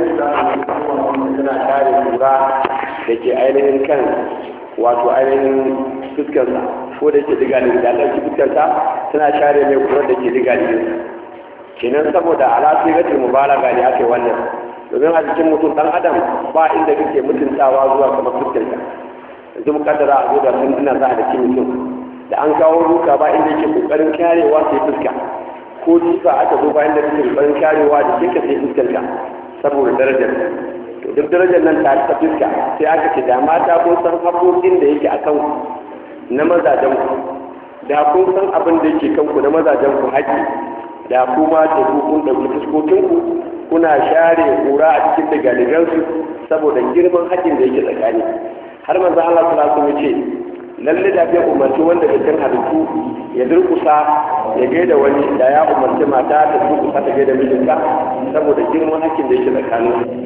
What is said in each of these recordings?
hadisi da aka yi kuma wannan tana kare lura da ke ainihin kan wato ainihin fuskarsa ko da ke diga da da ɗauki fuskarsa tana share mai kurar da ke diga da kenan saboda alaƙi ga mubalaga ne ake wannan domin a cikin mutum ɗan adam ba inda kake mutuntawa zuwa kamar fuskarsa, yanzu mukaddara a zo sun ina za a da mutum da an kawo duka ba inda yake kokarin karewa sai fuska ko duka aka zo bayan da kake kokarin karewa da kinka sai fuskar ka saboda darajar to duk darajar nan ta ta fuska sai aka ce da ta kun san haƙoƙin da yake a kan na mazajen ku da kun san abin da yake kan ku na mazajen ku haƙi da kuma da kun da fuskokin ku kuna share kura a cikin galibansu saboda girman haƙin da yake tsakani har manzo Allah sallallahu alaihi wasallam ya ce lalle da bai umarci wanda da kan halittu ya durkusa ya gaida wani da ya umarci mata ta durkusa ta gaida mijinta saboda girman hakkin da yake tsakanin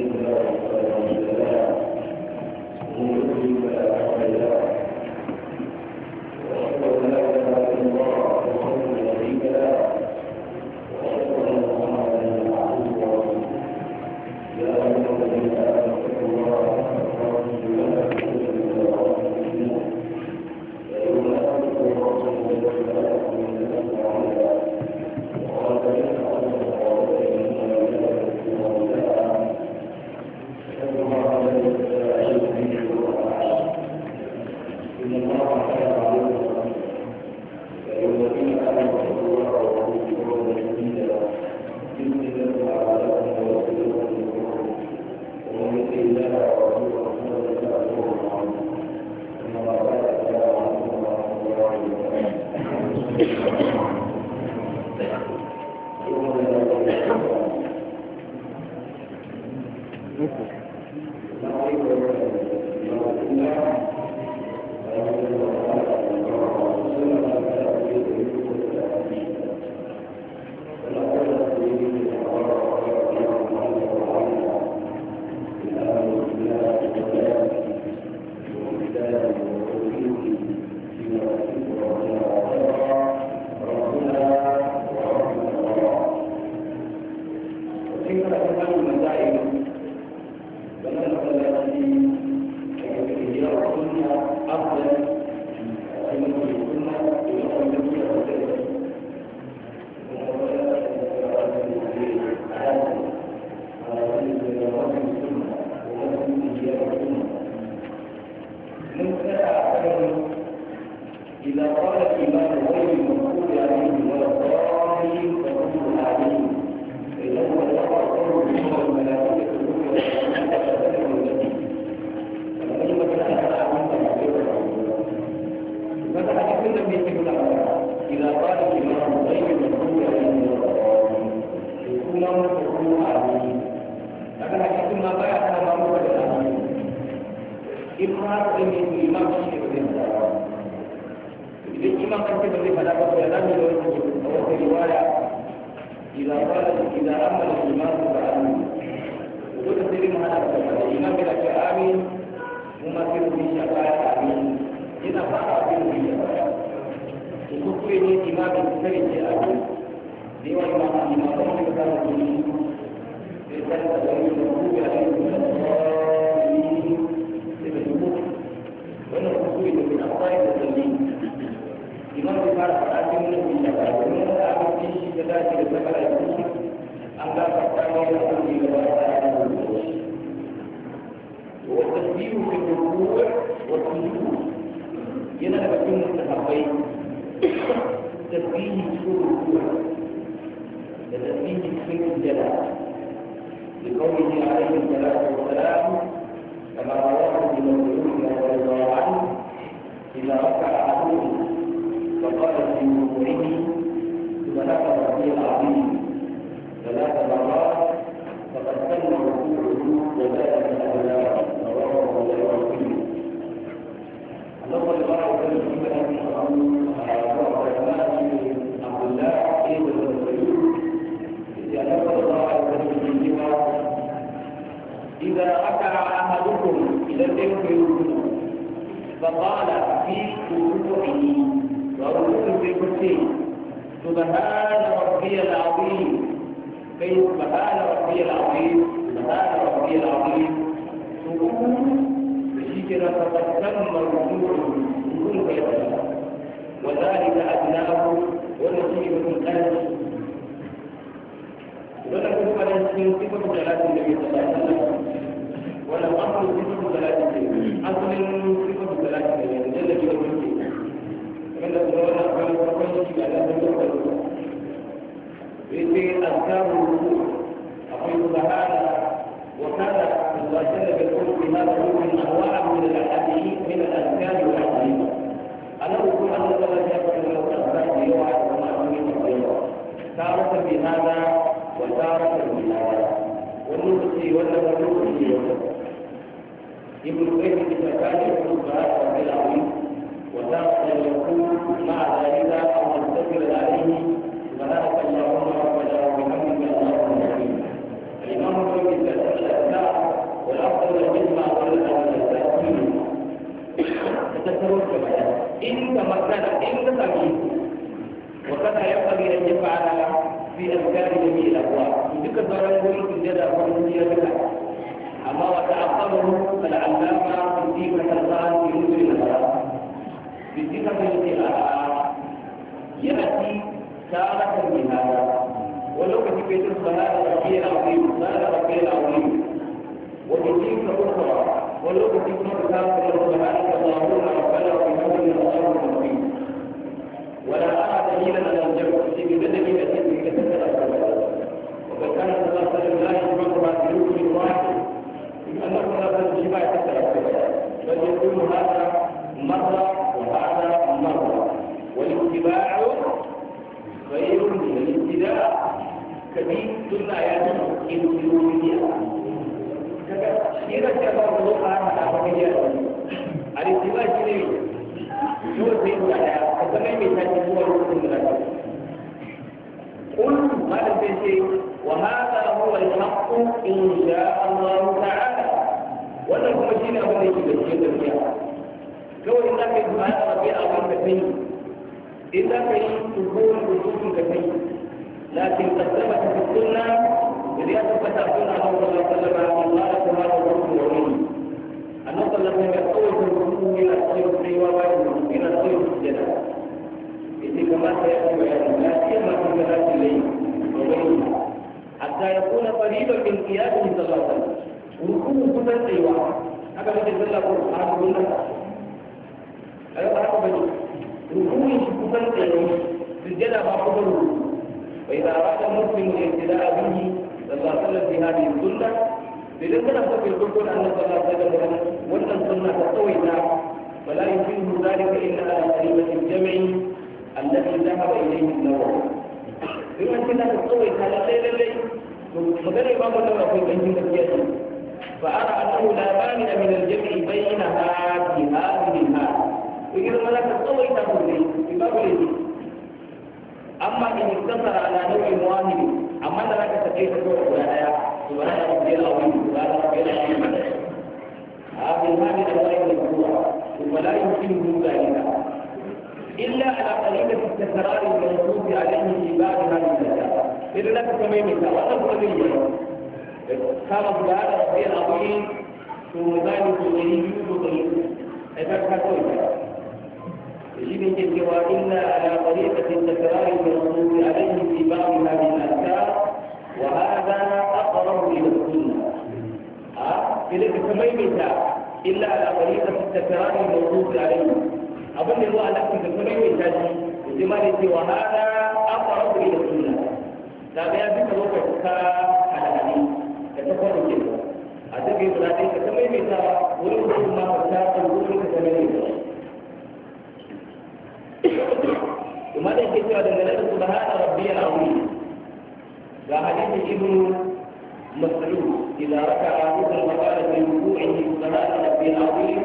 tattaro da baya inda matsala inda sami وكذا ينبغي أن يفعل في أذكار جميع الأقوال ذكر برنامج سجادة ومسجدة أما وتعقبه ما صديق الحلقان في نزل الغرام بالذكر القراءة يأتي تارة هذا ولو في الصلاة ربي العظيم صلاة ربي العظيم وتجيب أخرى ولو كنت كافر سبحانك اللهم ربنا وبحمدك اللهم العظيم ولا احد الا ان الجمع في بدنه التي كتبت وقد كان صلى الله عليه وسلم يجمع ما في ركن واحد انه لا تجمع تتاثر بل يكون هذا مره وهذا مره والاتباع خير من الابتداء كبير سنه ايات الوجوديه ni da ke ba mu ba ta ba ke yi a ri ba shi ne so ce da ya ko kuma mai ta ko ruwan da ta kun ba da ce ce wa hada huwa al-haqqu in sha Allah wannan kuma shi ne abin da ke da shi da shi kawai da ke ba da ba ke abin da kai in da kai ko ko ko ka kai lakin qaddama fi sunnah jadi aku katakan Allah telah berlaku Allah telah berlaku orang Allah telah berlaku orang yang tidak tahu peristiwa yang tidak tahu sejarah ini kemasnya juga yang berhasil masuk ke dalam diri orang ada yang pun apa di bagian kiai di selatan hukum pun tidak tahu akan berlaku orang yang tidak في سنة أن لا تبدأ وأن السنة طويلة فلا يمكنه ذلك إلا على كلمة الجمع التي ذهب إليه النووي بما كنا نطوي هذا ليلا الليل فقال الإمام النووي في بيت الجنة فأرى أنه لا مانع من الجمع بين هذه هذه هذه وإذا ما لا تطوي تقول في باب أما إن اقتصر على نوع واحد أما لا تتكيف تقول ولا سبحانه بلا علم سبحانه بلا علم هذه المعنى غير الموضوع ولا يمكنه ذلك إلا على قليلة التكرار المنصوص عليه في بعض هذه الأشياء إلا تتميمك وأنا قليلا كان فلان في العظيم ثم ذلك إليه يبطل إذا كتبت يجب أن وإلا على طريقة التكرار المنصوص عليه في بعض هذه الأشياء وهذا أقرب إلى السنة إذا تميمت إلا على طريقة التكرار الموجود عليه أظن الله لكن تميمت لزمان وهذا أقرب إلى السنة لا بيان في الوقت على الحديث تتفرج جدا أتبقى بلادي تميمت ولو ما فتاة الوقت تميمت وماذا يكتب هذا الملك سبحان ربي العظيم ga hadisi ibn mas'ud idza raka'a ibn mas'ud fi wudu'ihi salatan fi al-azim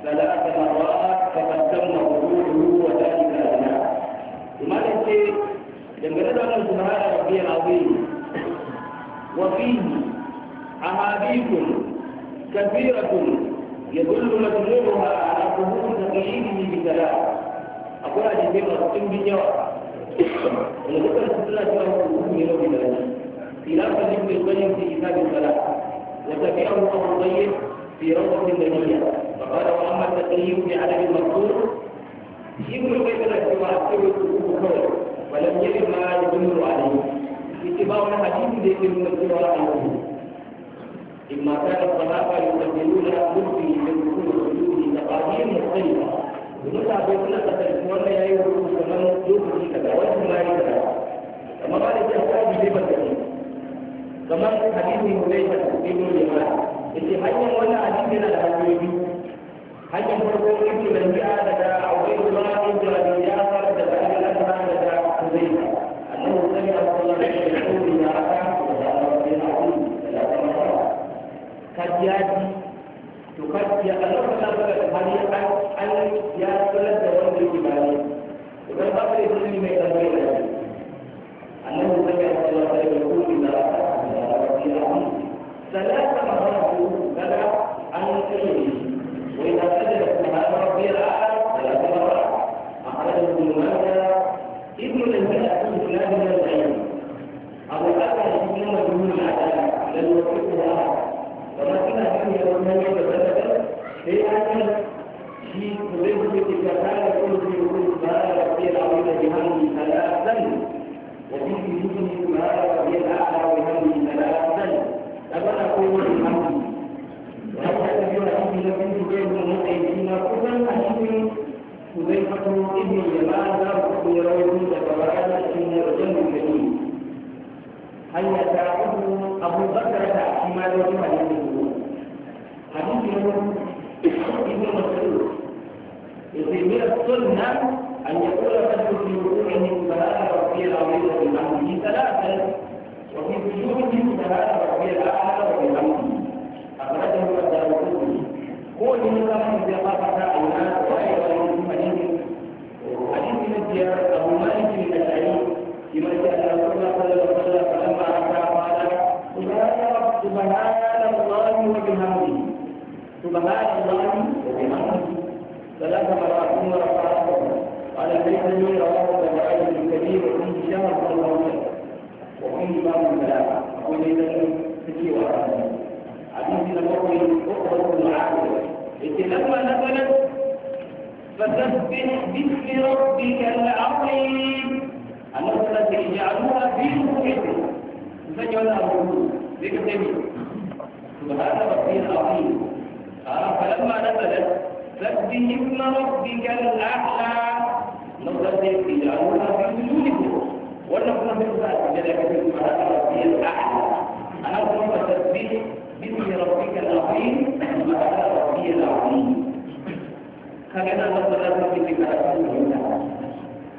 salatan marrat fa tamma wudu'uhu wa dhalika adna imam ce dengan doa subhanallah rabbi al-azim wa fihi ahadithun kathiratun يدل مجموعها على قبول تقييده بثلاث أقول أجل الله تنبي جواب الغسل السنة له حكم يوم ذلك خلافا لابن القيم في كتاب الصلاة وتبعه ابو القيم في روضة النبية فقال واما التقييم بعدم المقصود ابن القيم له يعتبر الحقوق كون ولم يجد ما يدل عليه اتباع الحديث ليس من الدور عليه إما كان الصحابة يقدمون ملكي من كل حدود تقادير مختلفة domin da abokan da kuma wannan ya yi wuri kamar lokaci kaza wani ma yi kaza kamar ba da ke asabi zai ba kamar hadisi zai ta kuɗi mun yi ma yace hanyar wannan hadisi yana da hanyoyi biyu hanyar farko ibnu lafiya daga abubuwan da ya fara daga ayyukan da سبحان الله ثلاث مرات ثم رفع قال رواه البخاري الكبير وكم شهر والله وكم امام ثلاثه وليتني ستي وراء حديث النبوي اخرى بن لما نزلت فسبح باسم ربك العظيم الله الذي يجعلها في مؤمنه فجعلها مؤمنه ذكر سبحان ربي العظيم فلما نزلت سبح اسم ربك الأعلى نظرت تجارها في وجودكم ولكم من الفات جلك في سبحان ربي الأعلى أنا أقول تسبيح باسم ربك العظيم سبحان ربي العظيم هكذا نظرت في تجارها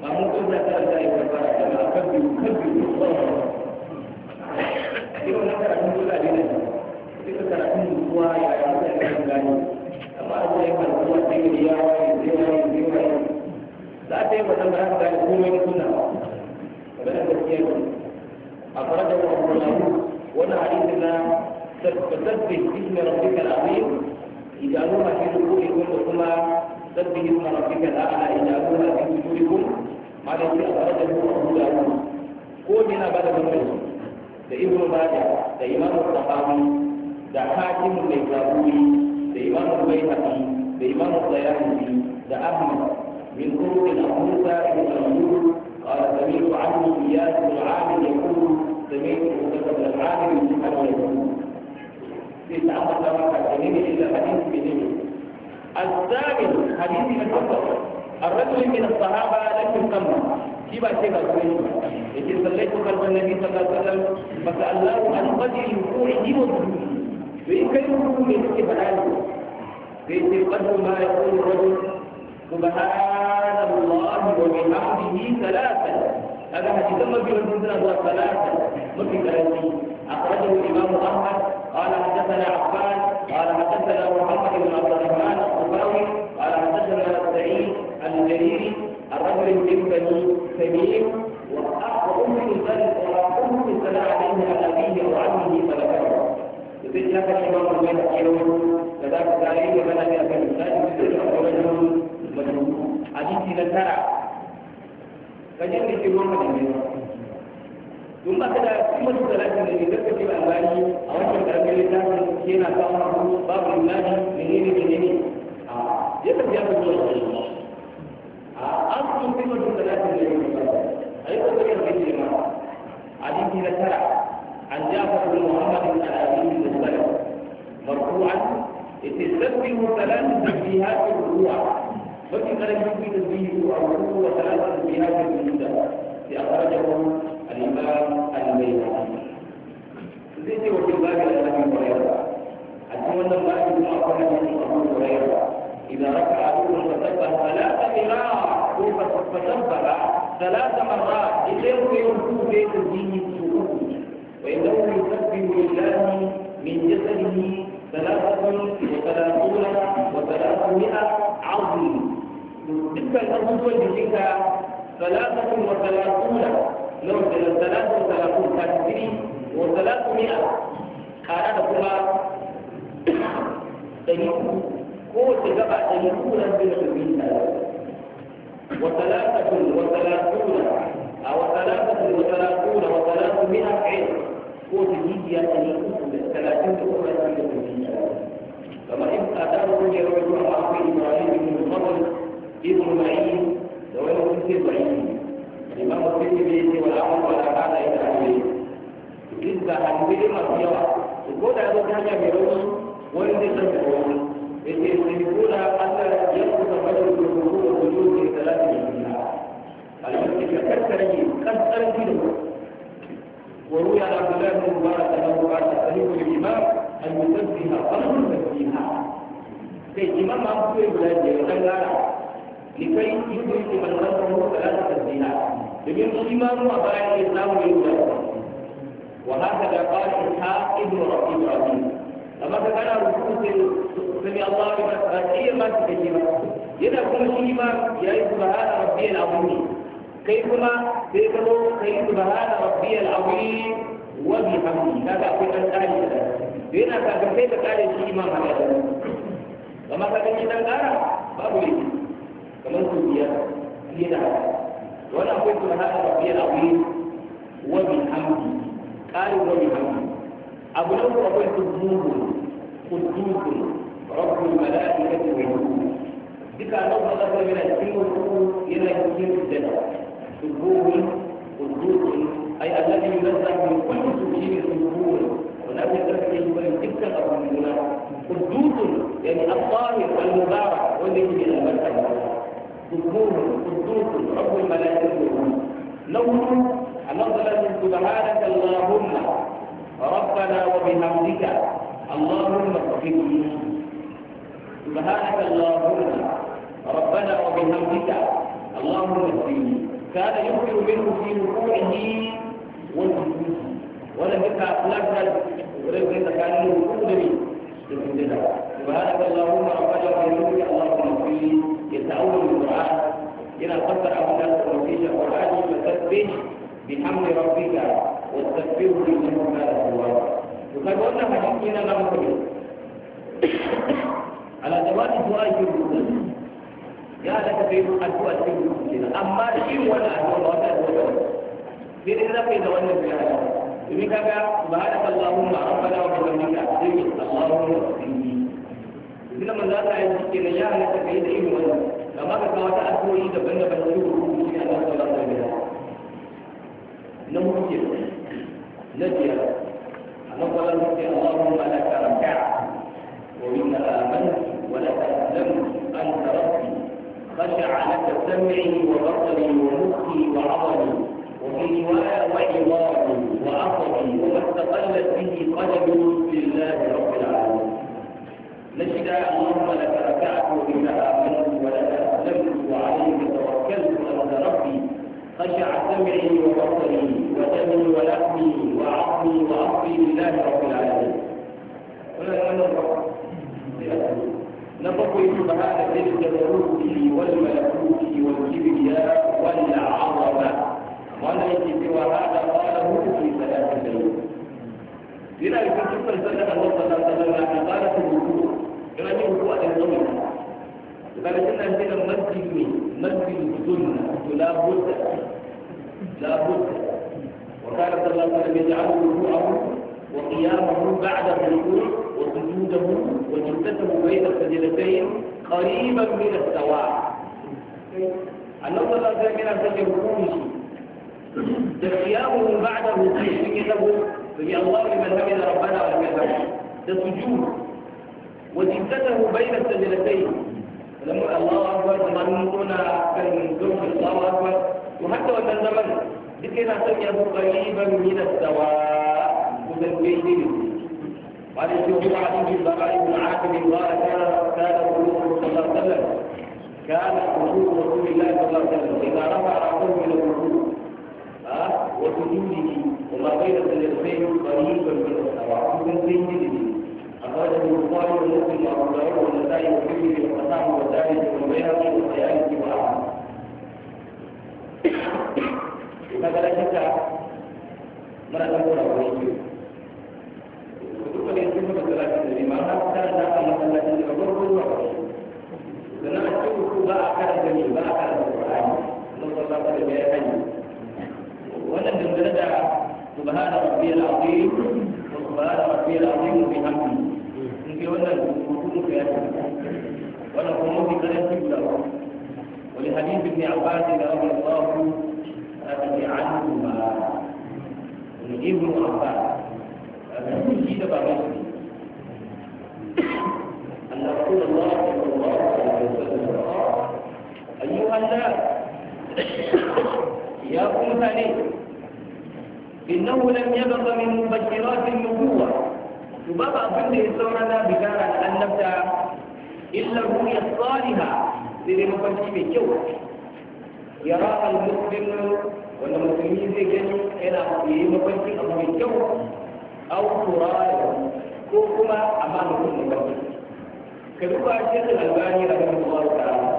فمن كنت ترجع إلى الفرق كما كبر كبر الله Ibu nak kerana dulu tak dia nak. Itu kerana dulu kuah yang ada dalam a ce kan zuwa cikin ya waye zai waye zai waye za ta yi mutum da haka da komai da suna ba da gaskiya ne a farar da kuma wani hadisi na tasbih ismi rabbika al-azim idanuha fi ruku'ikum da kuma tasbih ismi rabbika al-a'la idanuha fi sujudikum ma da shi a farar da kuma ko ne na ba da bambanci da ibnu majah da imamu sahabi da hakimu mai zaburi بإمام البيهقي بإمام الطيالسي لأحمد من كل الأمور سائل المنور قال سميت عنه إياس العامل يقول سميت مكتب العامل يقول في سعادة ركعة جنين إلا حديث بنين الثامن حديث بن الكبر الرجل من الصحابة لم يسمى كيف أشيك أقول إذا صليت قلب النبي صلى الله عليه وسلم فسأل الله أن قد يكون دين الدنيا في kai rubu ne في faɗa ما يقول ce qadru ma yaqulu rajul هذا حديث ما في رسول الله ثلاثة ما في كلامه أخرجه الإمام أحمد قال حدثنا عفان قال حدثنا محمد بن عبد الرحمن الصفاوي قال حدثنا سعيد الجريري الرجل من بني تميم وأخرجه أم الغد وأخ أم عليه على أبيه وعمه فلكه da duk shi da za da mana da mutum na tara da ne ba ka da kuma ne ce an gani a wancan babu a ya da shi a an kuma kuma ne a yi da ma na tara an muhammadin مرفوعا تستسلم ثلاث تنبيهات الركوع ففي قلب في تنبيه او ركوع ثلاث تنبيهات موجوده لاخرجه الامام البيهقي زيد وفي الباب عن ابي هريره اتمنى الله ان اعطى حديث ابو هريره اذا ركع احدكم فسبح ثلاث مرات فسبح ثلاث مرات يلم يركوع في تنبيه وانه يسبح لله من جسده ثلاثة وثلاثون وثلاثمائة عظم بالنسبة للأرض والجزيكة ثلاثة وثلاثون لو ثلاثة وثلاثون كاتبين وثلاثمائة أراد كما تنيكو قوة جبع تنيكونا بالحبين وثلاثة وثلاثون أو ثلاثة وثلاثون وثلاثمائة علم ko da rijiya ta ne da talatin da kuma da da rijiya kama in a da ko da rawar ruwa a ibrahim ibn muhammad ibn ma'in da wani kun ce ma'in imam sai ne ce wala amma wala kana ina ne duk da hanyoyi masu yawa ko da zo ta hanya mai rauni wani zai san da wani ko sinifuna allah ya kusa majalar da kuma da kuma da talatin da rijiya a yanzu ka karkare kan tsarki da kuma وروي عن عبد الله بن مبارك انه بعد تسليم الامام ان يسبح قلب تسبيحا كي امام عبد الله لكي يدرك من غيره ثلاث تسبيحات لمن الامام وبعد الاسلام يدرك وهكذا قال اسحاق ابن ربيع عظيم لما كان ركوع سمع الله لمن فاتيه ما تكلمه يدعو كل شيء ما يعرف هذا ربي العظيم كيفما sai ka zo ka yi zubara da rabbi al'awuri wani hamdi na ka akwai ɗan ƙari da ɗan yana ka ga ka ƙare shi imam a yadda amma ka ganye ɗan ƙara kamar su biyar fiye da haka wani akwai zubara da rabbi al'awuri wani hamdi ƙari wani hamdi abu na ku akwai zubuhu kudusu rabbi mala'ikatu wa yi duka na ku na ƙasar yana cikin mutu yana cikin jana'a سبوه وجوده أي الذي ينزه من كل تشبيه سبوه ونفس تركه من تلك الأرض قدوس يعني الطاهر والمبارك والذي إلى المرتبة سبوه قدوس رب الملائكة لونه اللفظة سبحانك اللهم ربنا وبحمدك اللهم اغفر سبحانك اللهم ربنا وبحمدك اللهم اغفر كان يمكن منه في وقوعه والجلوس ولم يقع خلافنا ولم يتكلم له كل من الله سبحانك اللهم ربنا وبحمدك اللهم في يتأول القرآن إلى قدر أبو ناس وفيش القرآن فسبح بحمد ربك واستغفره إنه كان الله وقد قلنا حديثنا لا على جواب سؤال جبريل يا لك في الدعاء الجلوس kenan amma da wani wannan addu'a ba ta addu'a ba ne zafi da ka yi da wannan domin kaga ba da an fada wa bihamdika sai ki Allahumma rabbi ne man za ta yi kenan ya ta kai da irin wannan amma ka ga wata addu'o'i daban-daban da rubutu shi Allah ba alaihi wasallam na hukunci na biyar فيها تلك والملكوت والكبرياء والعظمة وليس سوى هذا قاله في صلاة الليل إلى أن صلى الله عليه وسلم قالت الوجوه إلى أن يكون لذلك إن عندنا مسجد مسجد السنة لا بد لا وكان صلى الله عليه وسلم يجعل ركوعه وقيامه بعد الركوع وسجوده وجلسته بين السجلتين قريبا من السواء النوم الله أن ذكر خروجي تقيامه بعد في كتابه في الله لمن حمد ربنا ولم يذهب تسجود وجلسته بين السجلتين لما الله اكبر زمان كنا كان الله اكبر وحتى وقت الزمن ذكر سمعه قريبا من السواء وتنبيه قال ابن عمر بن بن عازم قال كان الرسول صلى الله عليه وسلم كان رسول رسول الله صلى الله عليه وسلم اذا رفع راسه من الركوع وسجوده وما بين الجلسين قريبا من السواء من سجده أخرجه البخاري ومسلم وأبو داود والنسائي والترمذي والحسن والداري والبيهقي والبيهقي وأحمد. هذا لا شك من الأمور الرئيسية duk da yake mutum da lafiya ne ma har kana da Allah masallaci da gurbin zuwa sannan a cikin ku ba a karanta ne ba a karanta Qur'ani Allah sallallahu alaihi wa sallam ya hanya wannan dangane da subhana rabbiyal azim wa subhana rabbiyal azim bihamdi in ke wannan mutum ya ce wannan kuma mutum da yake da ولحديث ابن عباس رضي الله عنهما ابن عباس shi أن رسول الله صلى الله عليه وسلم قال أيها الناس يا قوم إنه لم يبق من مبشرات النبوة تبقى كل إسرنا بكار أن نبدأ إلا الرؤيا الصالحة للمفكر الجو يراها المسلم والمسلمين زي كانوا إلى مفكر أبو الجو aw turaya ko kuma amana kun da ka duba shekul albani rahimahullah ta'ala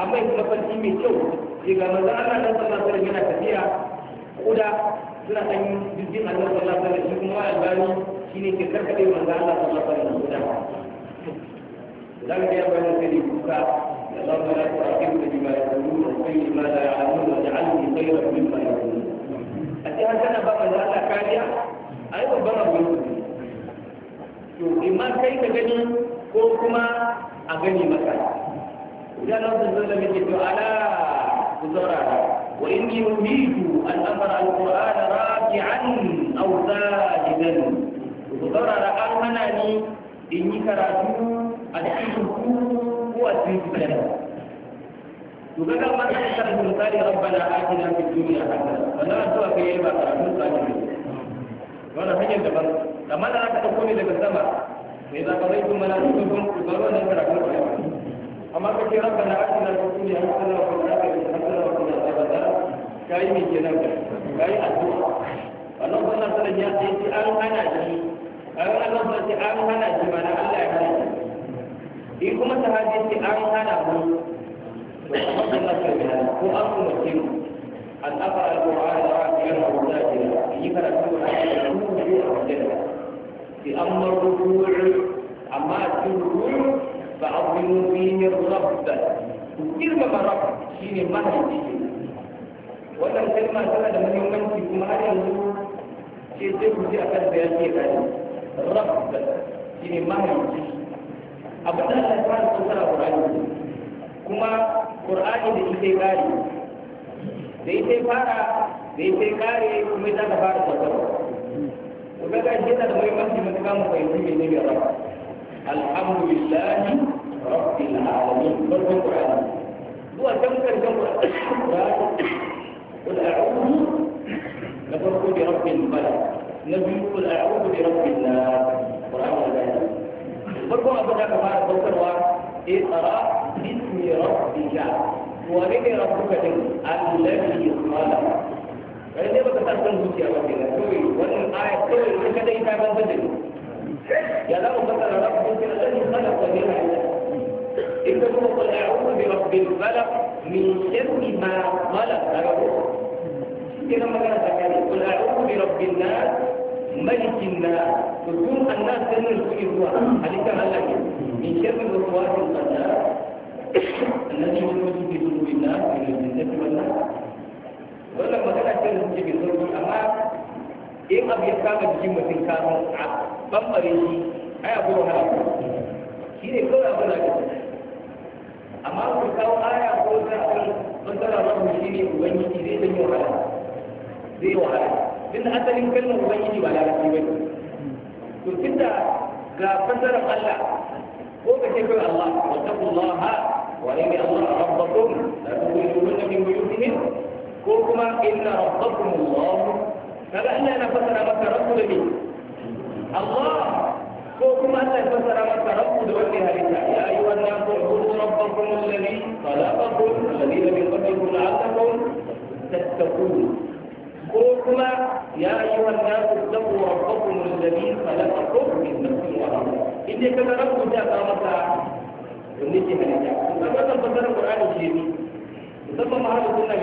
amma in mafarki mai kyau sai ga manzo Allah nan sallallahu alaihi yana tafiya kuda suna dan jirgin Allah sallallahu alaihi shi kuma albani shine ke karkade manzo Allah sallallahu alaihi kuda dan ya bayyana kai kuka اللهم لا تؤاخذني بما يقولون وقل ما لا يعلمون واجعلني خيرا مما يقولون. أتي هذا أنا بقى هذا كاريا ai babban abu ne to imma kai ka gani ko kuma a gani maka idan Allah sun zalla miki to ala ku saurara wa inni umidu an amara alqur'ana raki'an aw sajidan ku saurara an hana ni in yi karatu a cikin ku ko a cikin kana to kaga ma sai ka a rabbana atina fid dunya hasana wannan addu'a kai ba karatu ka ne wani hanyar daban amma da aka ɗauko ne daga sama mai zakarai kuma na cikin kun kusurwa wannan karatun kwaya amma ka ce rabba na asina da kuma ya hasana wa da aka yi hasana wa kuma ya hasana ka yi mai kenan ka yi addu'a wannan wannan sanar ya ce shi an hana shi an hana shi an hana shi mana Allah ya hana shi in kuma sahabi ce an hana mu ko an kuma ce an afara al an yi karatu wa بأمر ba, أما الركوع فعظموا فيه الرب كلمة رب شيء مهدي wannan kalma tana da muhimmanci kuma har yanzu ke sai ku ji akan da yake da rabb ta mahaifi abu da Allah ya fara tsara Qur'ani kuma Qur'ani da ita kare da ita fara da ita kare kuma ita ta fara to kaga yana da muhimmanci mu kuma mu fahimci ne ne rabb alhamdulillahi rabbil alamin farkon qur'ani zuwa kan karshen qur'ani قل أعوذ نفرق برب الملك نبي قل أعوذ برب الناس قرآن الآية فرقوا أبدا كما ذكروا اقرأ باسم ربك ولد ربك الذي خلق kai ne baka san san zuciya ba kenan kawai wannan aya kawai ne kada ita ban da ni ya za mu fasara za ku kun kira sai kada ku ne in ka kuma qul a'udhu bi rabbil falaq min sharri ma khalaq daga ko kina magana ta kai qul a'udhu bi rabbin nas malikin nas to kun annas kan ne su zuwa halikan Allah ne min sharri waswasil qannas الذي يوسوس في قلوب الناس من الجنة والنار wannan magana ce da suke mai sauki amma in abu ya kama jikin mutum kama a bambare shi ai abu da wahala shi ne kawai abu da gaba amma ku kawo aya ko ta akan masara mu shi ne ubangiji zai zan yi wahala zai yi wahala tun da asalin kalmar ubangiji ba larabci ba ne to tun da ga fasarar Allah ko ka ce kawai Allah wa taqullaha wa inni Allah rabbukum la tukhrijuna min buyutihim حكما إلا ربكم الله فبأنا نفسنا ما ترد به الله حكما أن نفسنا ما ترد به يا أيها الناس اعبدوا ربكم الذي خلقكم الذي لم يقبلكم لعلكم تتقون حكما يا أيها الناس اتقوا ربكم الذي خلقكم من نفس واحد إنك تربوا ذات أمتا ونجي من هنجا فماذا تفسر القرآن الشريف ثم ما هذا كنا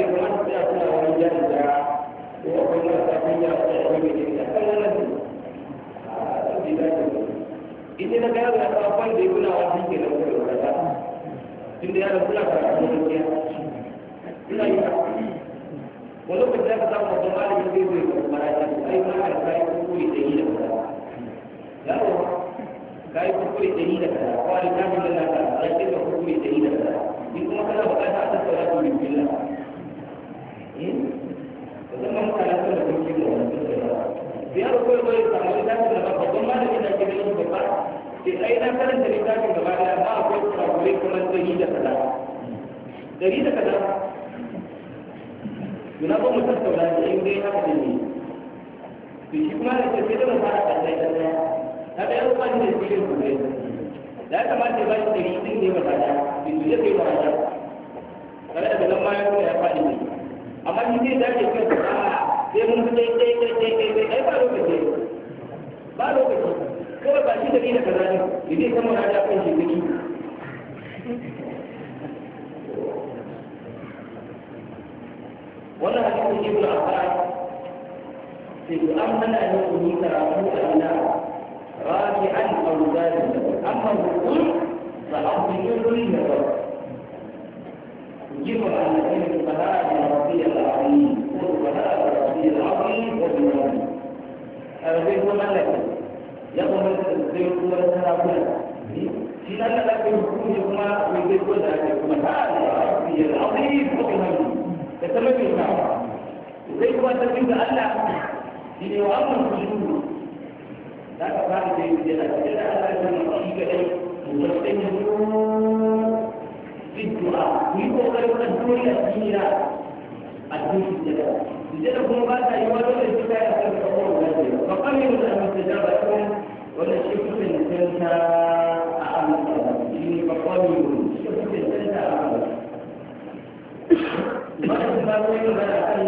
zai kuma Allah ne ya kuma zai kuma sarakuna shi nan da kai hukumi kuma mai zai kuma da ake kuma ta ya al'azim ko kuma ne da ta mafi ta zai kuma ta fi ga Allah shi ne wa amma su shuru za ka fara da yi da ake da Allah ya zama shi kadai mutum ɗan ya zo zai du'a ku yi ƙoƙarin kan duniya a cikin da idan kuma ba ta yi wani wanda suka yi a kan kakon wani ba kan yi wani abin da ja ba ta wanda shi kusa da santa a amsa shi ne ba kan yi wani shi kusa da santa a amsa ba ta ba ta yi wani a kan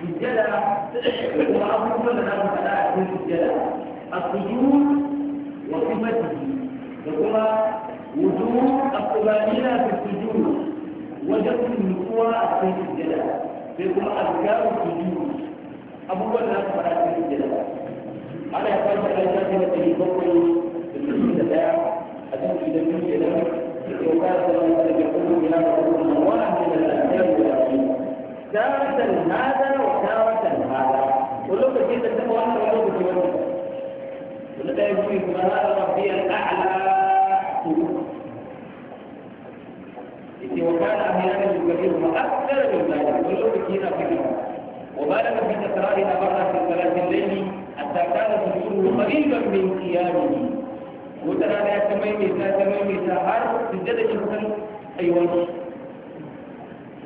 sujjada da kuma abubuwan da za mu faɗa a cikin sujjada a sujjud wa kuma da kuma وجود الطمأنينة في السجود وجد النقوة في الجلال sai kuma azkarun sujud abubuwan da aka fara cikin gida ana ya fara da shafi da ɗari bakwai da ɗari da ɗaya a cikin gidan biyu da ɗaya da ke fara da wani da ke kuma gina da kuma na wani ne da lafiyar da lafi taratan hada wa taratan hada wani lokaci da taɓa wani wani lokaci wani wani ɗaya biyu kuma hada rabbiyar a'la وكان أحيانا يكبر وأكثر من ذلك كل بكينا فكرة وبالغ في تكرارنا مرة في صلاة الليل حتى كان سجوده قريبا من قيامه وترى لا تميم لا تميم سحر سجد أي أيوان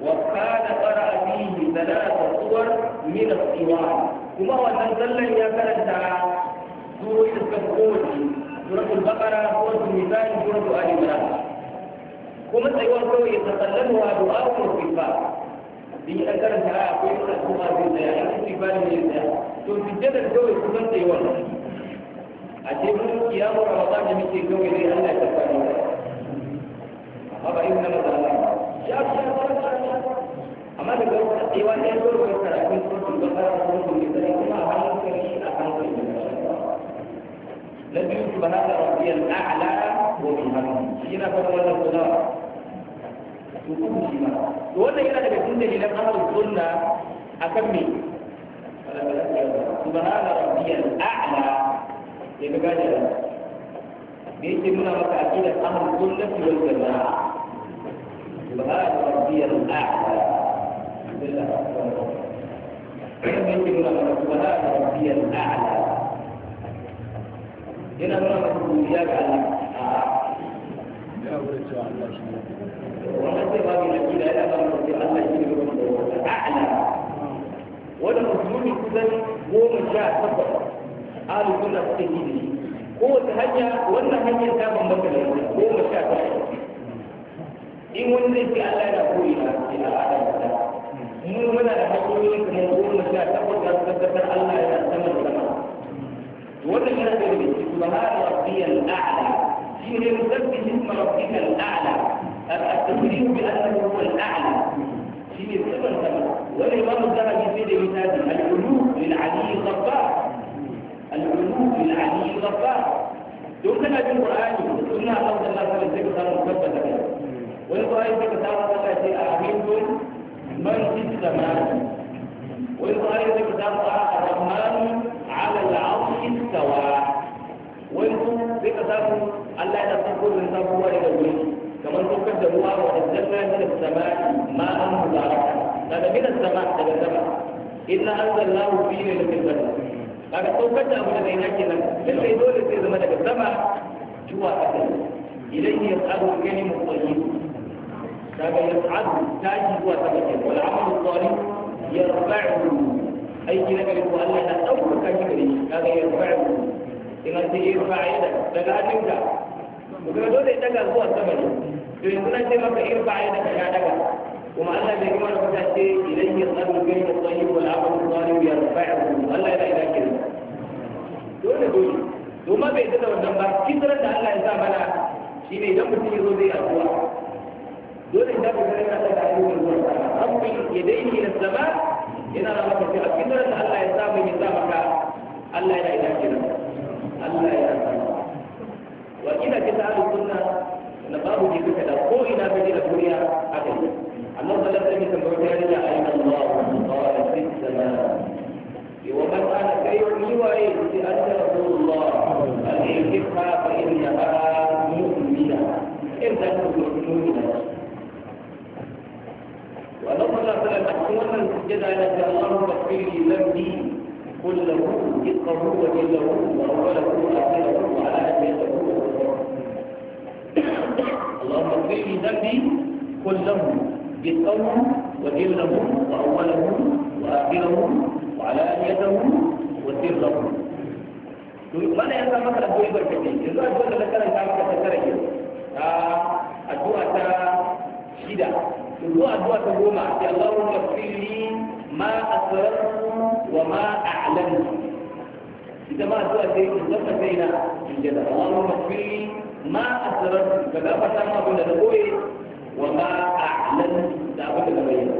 وكان قرأ فيه ثلاث صور من الصوان وما هو نزل يا كرنتا سورة الكفور سورة البقرة سورة النساء سورة آل kuma tsayuwar kawai ya tsallama wa du'a ko kifa in an karanta aya akwai yana kuma zai tsaya in an kifa ne ya tsaya to sujjadar kawai kuma wani a ce mun kiyamu ramadan da muke kawai dai Allah ya tabbata ne amma ba in kana da Allah ya ya ya amma da gaskiya tsayuwa ne kawai karatun kuma ba ka kuma kuma a hankali a hankali لم يكتب هذا ربي الأعلى وبالهمم هنا فتولى الخلاف يكون شيما ولا إلى أن يكون لله أهل السنة أكمل سبحان ربي الأعلى لبقاجة بيتمنا متأكيد أهل السنة والجماعة سبحان ربي الأعلى بالله سبحان ربي الأعلى yana nuna maka rubiya ga Allah a wannan sai babu na kila yana ba mu Allah shi ne wanda wata musulmi kusan goma sha takwas alu suna suka yi da ko wata hanya wannan hanyar ta bambanta da wani goma sha takwas in wani zai ce Allah yana koyi na ce al'ada da ta mun muna da hanyoyi kamar goma sha takwas da tabbatar Allah yana sama da sama يقول لك انا ربي الاعلى في يسبح اسم ربك الاعلى التكريم بانه هو الاعلى في السبب السبب والامام الذهبي في رساله للعلي الغفار العلو للعلي الغفار دون كما في القران قلنا الله صلى الله عليه وسلم صار مثبتا والقران في كتاب الله في اعيد من في السماء والقران في كتاب الرحمن ala al'arshi istawa wai sun zai ka samu Allah ya san ko zai samu ruwa daga wuri kamar saukar da ruwa wa aljanna min as-sama'i ma'an mubaraka daga min as-sama' daga sama inna anzalnahu fi lailatul qadr kaga saukar da abu daga ina kenan sai dole sai zama daga sama zuwa ƙasa idan ya tsaro gani mu tsayi daga ya tsaro tashi zuwa sama ke wal amalu salih yarfa'u aiki na gari ko Allah na ɗaukaka shi gari ka ga yin fa'a in an ce yin fa'a yadda daga hannunka to kuma dole ya daga zuwa sama ne to yanzu na ce maka yin fa'a yadda ka ya daga kuma Allah bai gama da kuka ce idan ya tsaru gari da tsayi ko al'amarin tsarin ya fa'a Allah ya da ke dole dole domin bai da wannan ba kitaran da Allah ya sa mana shine idan mutum ya zo zai addu'a dole idan mutum ya sa da addu'a rabbi yadayhi na sama ina da maka cewa cikin da Allah ya samu ya za maka Allah ya ina kira Allah ya sa wa kina kita ahli sunna na babu ke duka da ko ina kaje da duniya haka ne Allah sallallahu alaihi wasallam ya tambaye ya أولا سجد على الله فاغفر لي قل له رزقه وجله وأوله وآخره وعلى أجله اللهم اغفر لي ذنبي قل له رزقه وجله وأوله وآخره وعلى أجله وسره ولا يسمى مثلا هو يقول كثير يقول أجوة لك أنا أعمل كثيرا شدة zuwa zuwa ta goma ya Allahu mafili ma asrartu wa ma a'lantu idan ma zuwa sai in zama sai na in jada Allahu mafili ma asrartu ka gafata ma abin da na koye wa ma a'lantu da abin da na bayyana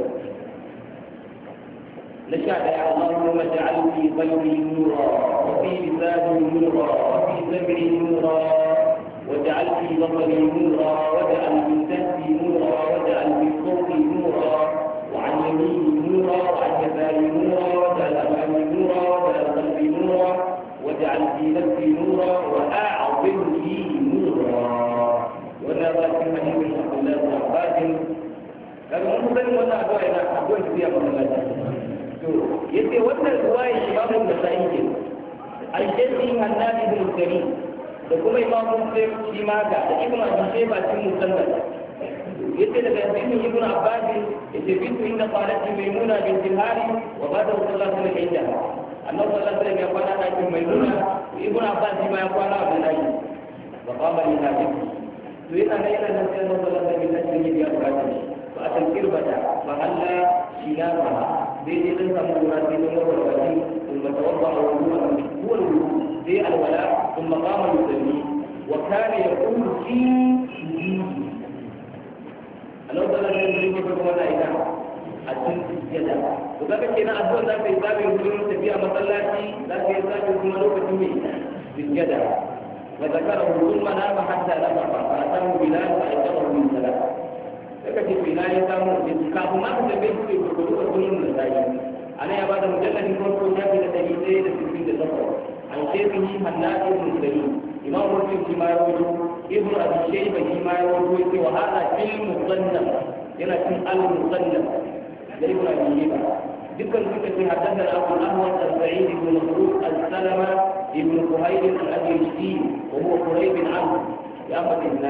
لشعب اللهم اجعل في قلبي نورا وفي لساني نورا وفي سمعي نورا واجعل في بصري نورا da kuma imamun sai shi ma ga da ibn abi shayba cikin musannad yace daga hadisin ibn abbas yace bitu inda qalati maimuna bint hari wa bada sallallahu alaihi inda annabi sallallahu alaihi ya kwana da maimuna ibn abbas ya kwana da dai wa qama li to yana da yana da sallallahu alaihi ya ya kwana fa atal kirbata fa halla dai dai samu da ثم توضا وضوءا هو الوضوء في الولاء ثم قام يصلي وكان يقول في سجوده الأرض التي يملكها الملائكة أتم الجدع وذلك كنا أقول ذلك إذا يمكن تبيع مصلاتي ذلك إذا يمكن ملوك تميل بالجدع وذكره ثم نام حتى لا يقع فأتاه بلال فأجره من ثلاثة فكتب بلال تامر إذ كافما تبيع في قلوب النسائي ana ya bada mujalladin farko shafi da ɗari ɗaya da sittin da takwas an shefin shi hanna ibn sari imam muslim shi ma ya wato ibn abi shayba shi ma ya wato ya ce wa hada fil musannaf yana cin al musannaf da ibn abi ba dukkan suka ce haddasa abu ahmad al-sa'id ibn mas'ud al-salama ibn quhayl al-ajlisi wa huwa qurayb bin amr ya mata ibn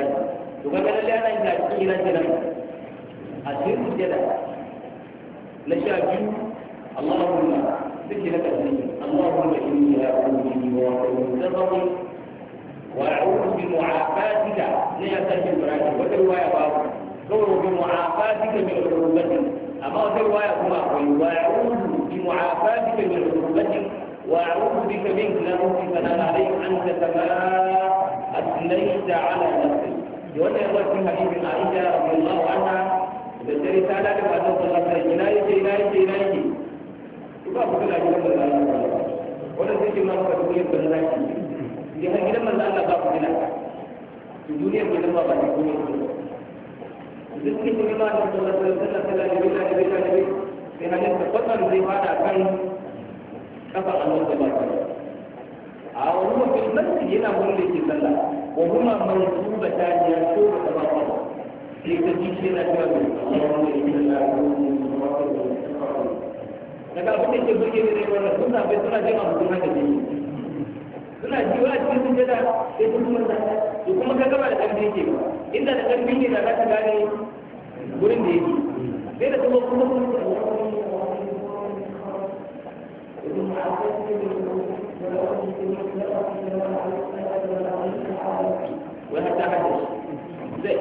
to ga lalle ana yin da cikin jira a cikin jira na sha biyu اللهم ذكرك الدين اللهم إني أعوذ بمواقعي وأعوذ بمعافاتك من أساس البراءة وترواية بابا دور بمعافاتك من عقوبتك أما ترواية هما وأعوذ بمعافاتك من عقوبتك وأعوذ بك منك لا أوصي ثناء عليك أنت كما أثنيت على نفسك يقول في حديث عائشة رضي الله عنها بالتالي تعالى لما أنزل الى الى الى الى ba ku kula gidan manzo Allah wanda zai ke maka duniyar banza ki idan har gidan manzo Allah ba ku gina to duniyar gidan ba ba ta kuma idan kike ne ma da Allah sallallahu alaihi wasallam da da da sai hanyar tabbatar zai fada kan kafa Allah da ba a wani mafi nasi yana wanda ke sallah wa kuma mansu ba ta ji ya so ba ba ba sai ta ji shi yana cewa da Allah wanda sallah ko kuma ba ta daga abin da ke burge da dai da suna bai suna jin abu kuma da jini suna ji wa cikin sun jada sai sun kuma da to kuma ka gaba da ƙarfi yake ba inda da ƙarfi ne da za ka gane wurin da yake sai da kuma kuma kuma kuma kuma زي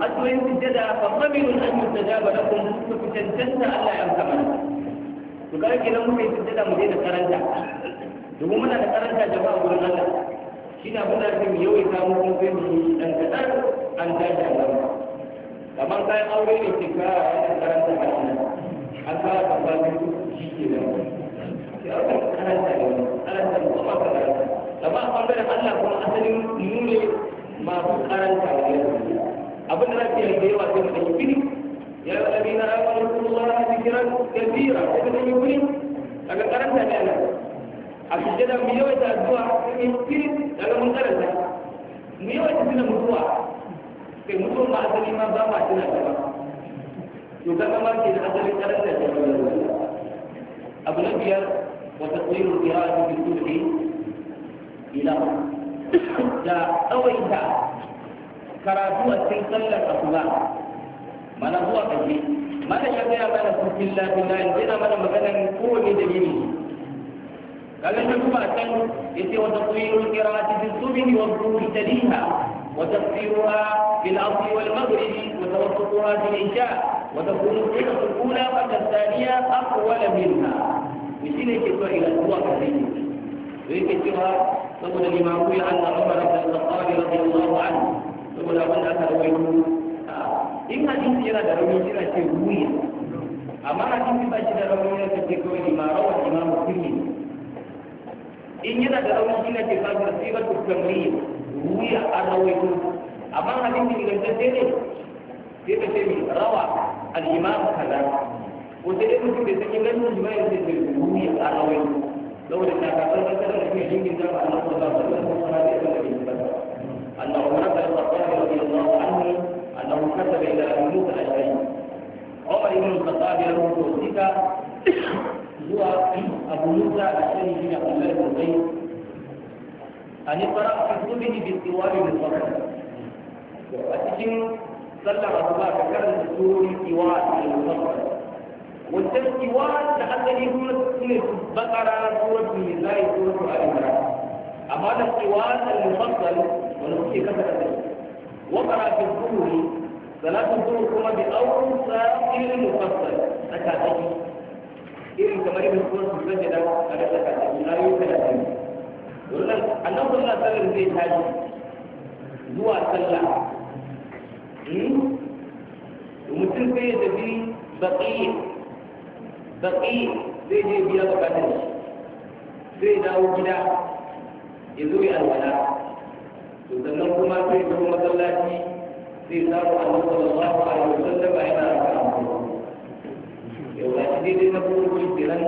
addu'o'in sujjada fa qabilun an yustajaba lakum ku tantance Allah ya amsa mana to kare kenan muke yi sujjada mu daina karanta domin muna da karanta jama'a gurin Allah shi na abin da ake mu yawai samu kuma sai mu yi dan kadan an tashi Allah kamar kayan aure ne ke ka karanta a nan an fara kafa biyu shi ke da aka karanta da wani karanta da kuma karanta kamar a ɓangaren Allah kuma asalin mu ne masu karanta wa yanzu abin da zafi da yawa sai mutum fili ya yi wani na amon kuma na zikiran gazira ko mutum yi wuri daga karanta ne ana a sujjada mu yawaita addu'a in fili daga mun karanta mu yawaita tuna mutuwa kai mutuwa ma asali ma ba ma tuna ta ba to ka kama ke da asalin karanta ta ba abu na biyar wata tsirin kira a cikin sulhi ila da tsawaita karatu a cikin sallar asuba mana zuwa kaje mana ya gaya mana su fi lafi filla yanzu yana mana maganar kowane da yini kaga ta kuma can ya ce wata wa kira qira'ati fi subhi wa dhuhri taliha wa tafsiruha fi al-asr wal maghrib wa tawassutuha fi al-isha wa takunu al-qira'atu al-ula wa al minna aqwal shi ne ke so ila zuwa kaje yake cewa saboda limamu ya Allah Umar bin Khattab radiyallahu anhu saboda wanda aka rawaito ah, in hadisi yana da rauni kira ce ruwi amma hadisi ba shi da rauni ya ce kawai ne ma rawar imamu kulli in yana da rauni kira ce ba da sibatu tamri ruwi a rawaito amma hadisi ingantacce ne sai ta ce mai rawa al kaza ko sai dai mutum da ta yi shi jima ya ce ruwi a rawaito saboda ta kasar kasar da ke jingin da ba a ba أنه عمر بن رضي الله عنه أنه كتب إلى أبي موسى الأشعري عمر بن الخطاب له توسيكا هو أبو موسى الأشعري بن عبد الله بن زيد أن اقرأ في كتبه بالسوار بالفضل وأتجن صلى الله فكان السور سوار بالفضل والتسوار تحدث هم سورة بقرة سورة من النساء سورة آل أما السوار المفضل wanda kuke kasa da kai wa qara'atul qur'ani salatul qur'ani kuma bi awsaqil mufassal saka tsaki irin kamar yadda kuma su sanya da a da saka tsaki ayoyi talatin wannan annabi sallallahu alaihi zai tashi zuwa sallah hmm? mutum sai tafi baƙi baƙi zai je biya bukatar shi zai dawo gida ya zo ya alwala to sannan kuma sai zo masallaci zai samu annabi sallallahu alaihi wasallam yana raka yau ga shi dai na farko kenan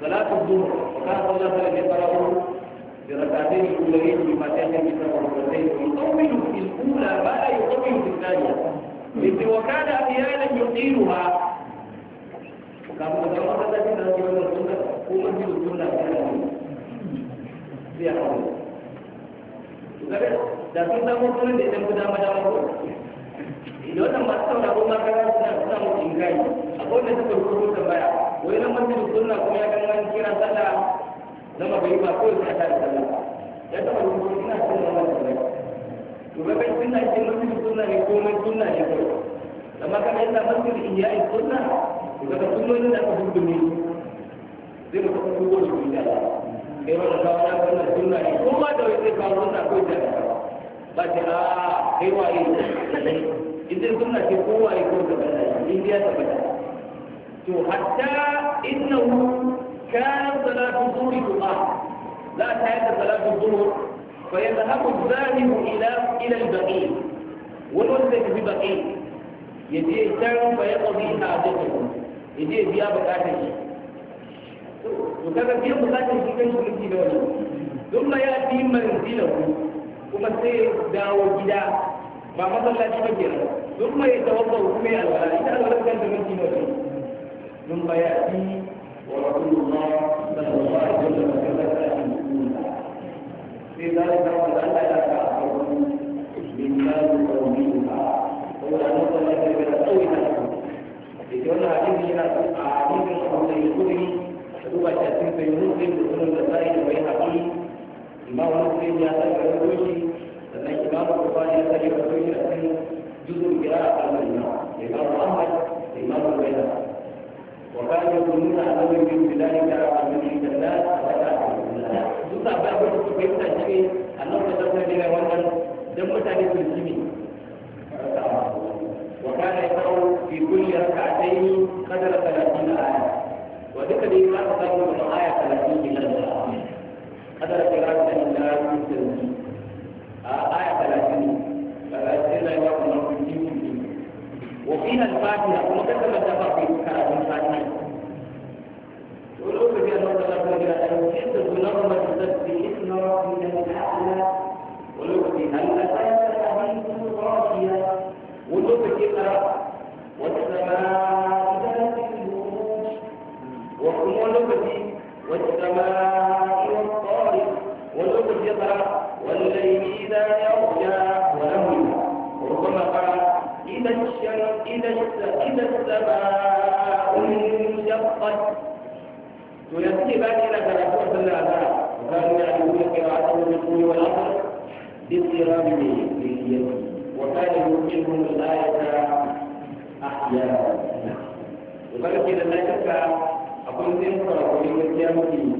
salatu dhuhr wa kana sallallahu alaihi wasallam بركعتين الأولين بما تهتم بالركعتين يطول في الأولى ما لا يطول في الثانية إذ وكان أحيانا يطيلها kamu kalau ada di dalam jiwa sunnah, umat jiwa sunnah, dia harus. da sun san mutum da idan guda madama ko da wannan masu sauna ko suna suna mu gai a kowane suka rubutu da baya wai nan mutum suna kuma ya kan wani kira sallah na magari ba ko ya ta sallah ya taba rubutu ina cin wannan sunna to ga kai sunna cin mutum sunna ne ko mai suna ne ko amma kan yadda mutum iya yi sunna to ga da ka hudu ne zai mutum ko wani guda kai wanda ka wani wannan sunna ne ko ma da wani ka wani sunna ko ita ba ce a kai waye idan sunna ce ko waye ko ta bada indiya ta bada to hatta innahu كانت صلاة الظهر تقام لا تعد صلاة الظهر فيذهب الذاهب إلى إلى البقيع والمسلك في بقيع يجي الشام فيقضي حاجته يجي بيا بكاته to kaga biyan bukatar shi kan shi da wannan thumma ya'ti manzilahu kuma sai dawo gida ba masallaci ba kenan thumma yatawaffa ma ya alwala ita alwala kan da minti nawa ne thumma ya'ti wa rasulullah sallallahu alaihi wa sallam sai zai da Allah ya ka min babu qawmiha wa anna sallallahu alaihi wa sallam ita wannan hadisi yana a hadisin Abu Sa'id al-Khudri duba shi a cikin sayi muslim da sunan da da bai imamu muslim ya ka rago sannan imamu ya a cikin juzun gira a kalmar da imamu ahmad da imamu duk da ba wani su ne da mutane su ji ne wa fi duka dai za ka samu mutum aya talatin ne nan da kada da kira da ni na mutum a aya talatin daga cikin rayuwa kuma kuji kuji wa fina al-fatiha kuma kada da ta fafi karatun fatiha to lokacin da Allah ta kira da shi da sunan Muhammad sallallahu alaihi wa sallam ولو في هل أتاك حديث غاشية ولو في قراءة والسماء والطارق والأفق يطرع والليل إذا يغشى قال إذا الشمس إذا السماء انشقت تنسب إلى ثلاثة ثلاثة وكانوا يعرفون قراءته بالطول والأصل باضطرابه لليد يمكنهم الآية أحيانا وقال كذا لا شك أقول ذلك رسول الله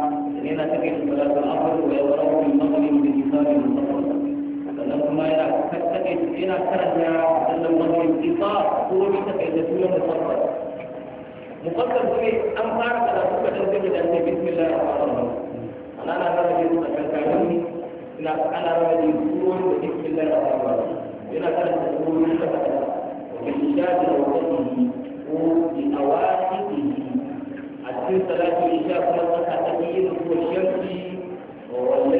yana take da salatul asr wa yaqra'u min maghrib bi kitabin mustaqbal sannan kuma yana kakkake yana karanta sallan maghrib isa ko bi take da sunan mustaqbal muqaddar kuma an fara karatu ka dan sai da sai bismillahir rahmanir rahim ana na fara yin tsakanin ina ana rawa yin sunan bismillahir rahmanir rahim yana karanta sunan mustaqbal wa bi shadi wa qadhi ko bi awali cikin salatu isha kuma sun haɗa ni yin kuwa shamsi wa wallahi